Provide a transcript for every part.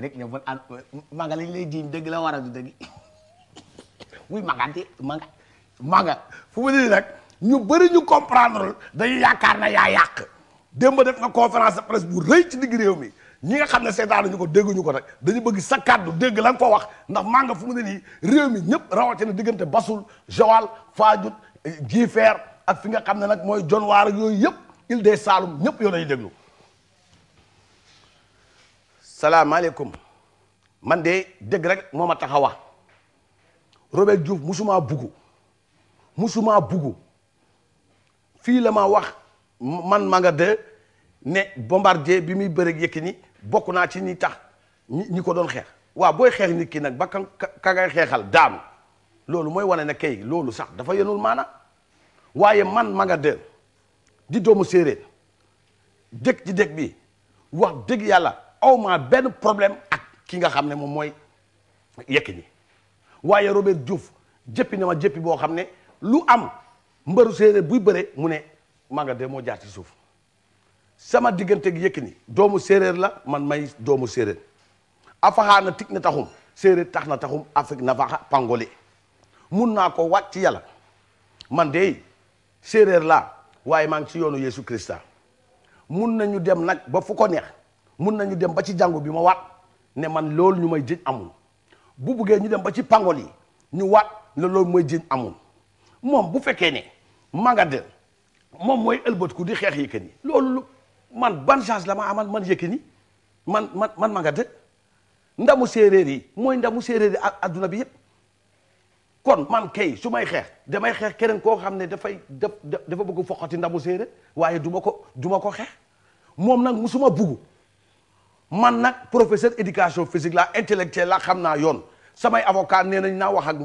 rek ne man ah Manga lañ lay jiiñ dëgg la war a du dëgg muy Mangante Manga Manga fu mu nag ñu bëri ñu comprendre dañu yaakaar na yaa yàq démb da nga conférence de presse bu rëy ci digg réew mi ñi nga xam ne seetaanuñu ko dégguñu ko nag dañu bëgg sa kàddu dégg la nga ko wax ndax Manga fu mu ne nii réew mi ñëpp rawatina diggante Basul Joal Fadiouth Jifeer eh, ak fi nga xam ne nag mooy Jonwaar ak yooyu yëpp Île des Saloum ñëpp yow lañuy déglu. salaamaaleykum man de dëgg rek moo ma tax a wax Robert Diouf musuma bugg musuma bugg fii la ma wax man ma nga de ne bombardier bi muy bëreeg Yékini bokk naa ci ñi tax ñi ko doon xeex waaw booy xeex nit ki nag ba ka ka ngay xeexal daanu loolu mooy wane ne kay loolu sax dafa yenul maana waaye man ma nga de di doomu séeréer dëkk ci dëkk bi wax dëgg yàlla awma benn problème ak ki nga xam ne moom mooy ni waaye Robert Diouf jëppi na ma jëppi boo xam ne lu am mbëru séeréer buy bëre mu ne maa nga dem moo jaar ci suuf sama diggante gi ni doomu séeréer la man may doomu séeréer afaxaana tig na taxum séeréer tax na taxum Afrique na faxa pangolé mun naa ko wàcc ci yàlla man de séeréer laa waaye maa ngi ci yoonu Yeesu Krista mun nañu dem nag ba fu ko neex mun nañu dem ba ci jàngu bi ma waat ne man loolu ñu may jiñ amul bu buggee ñu dem ba ci pangol yi ñu waat ne loolu mooy jiñ amul moom bu fekkee ne Magadé moom mooy ëlbatku di xeex Yékini loolu man ban chance la ma amal man Yékini man man manga Magadé ndamu séeréer yi mooy ndamu séeréer yi adduna bi yëpp kon man kay su may xeex damay xeex keneen koo xam ne dafay daf dafa bëgg foqati ndamu séeréer waaye du ma ko du ko xeex moom nag musuma buggu man nag professeur éducation physique la intellectuelle la xam naa yoon samay avocat nee nañ naa wax ak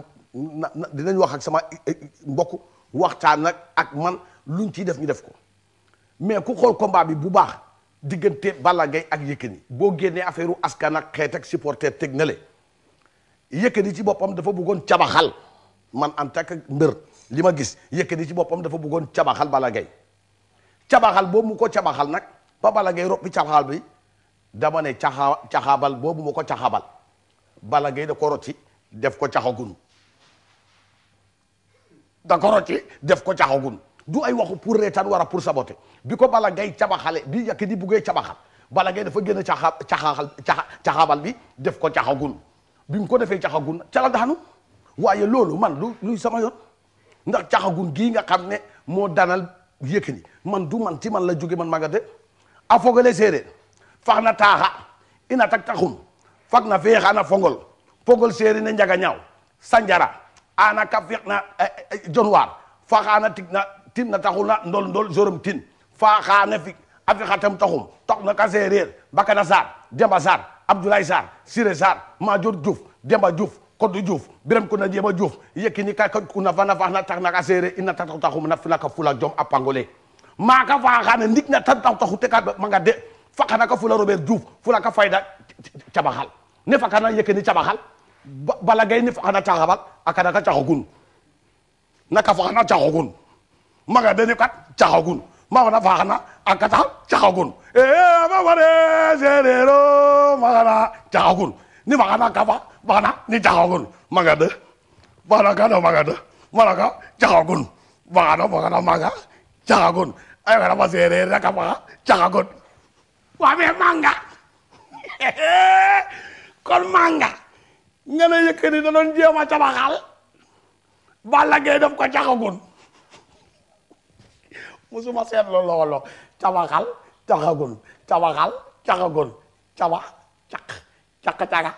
dinañ wax ak sama eh, eh, mbokk waxtaan nag ak man luñ ciy def ñu def ko mais ku xool combat bi bu baax diggante balagay ak Yékini boo génnee affaire askan ak xeet ak supporter teg na le Yékini ci boppam dafa buggoon cabaxal man en tant mbër li ma gis Yékini ci boppam dafa buggoon cabaxal balagay Gaye cabaxal boobu mu ko cabaxal nag ba Balla Gaye roppi cabaxal dama ne caxa caxabal boobu ma ko caxabal bala ngay de ko roti def ko caxagun da ko roti def ko caxagun du ay waxu pour reetaan war a pour saboter bi ko bala ngay cabaxale bi yàkk ni buggee cabaxal bala ngay dafa génn caxa caxaxal caxabal bi def ko caxagun bi ko defee caxagun ca daanu waaye loolu man lu luy sama yoon ndax caxagun gii nga xam ne moo daanal yëkk man du man ti man la jóge man maa nga de a fogale séeréer fax na taaxa ina tak taxun fak na feexana fongol fogol seeri ne njaga ñaaw sanjara ana ka feex na eh, eh, jonwaar faxana tig na tin na taxu na ndol ndol jorom tin faxana fik a fixatam taxum tax na ka seereer bakana sarr demba sarr abdoulaye sarr siré sarr madior diouf demba diouf koddu diouf biram ku na jeeba diouf ka na fana na tax seere ina tax taxum na fina ka fula jom a pangole maka faxana ndik na tan tax taxu te ka manga de fakana ka fula Robert Diouf fula ka fayda cabaxal ne fakana Yékini cabaxal Balla Gaye ne fakana caxabal a ka caxagun naka fakana caxagun maga dene kat caxagun eh, ma wana fakana a kata caxagun e ma ware fakana maga de bakana kana maga naka faka caxagun waa mais manga kon manga nga ne Yékini da doon jéem a cabaxal Balla Gaye daf ko caxagun musuma seetlu loolu cabaxal caxagun cabaxal caxagun caba caq caq caga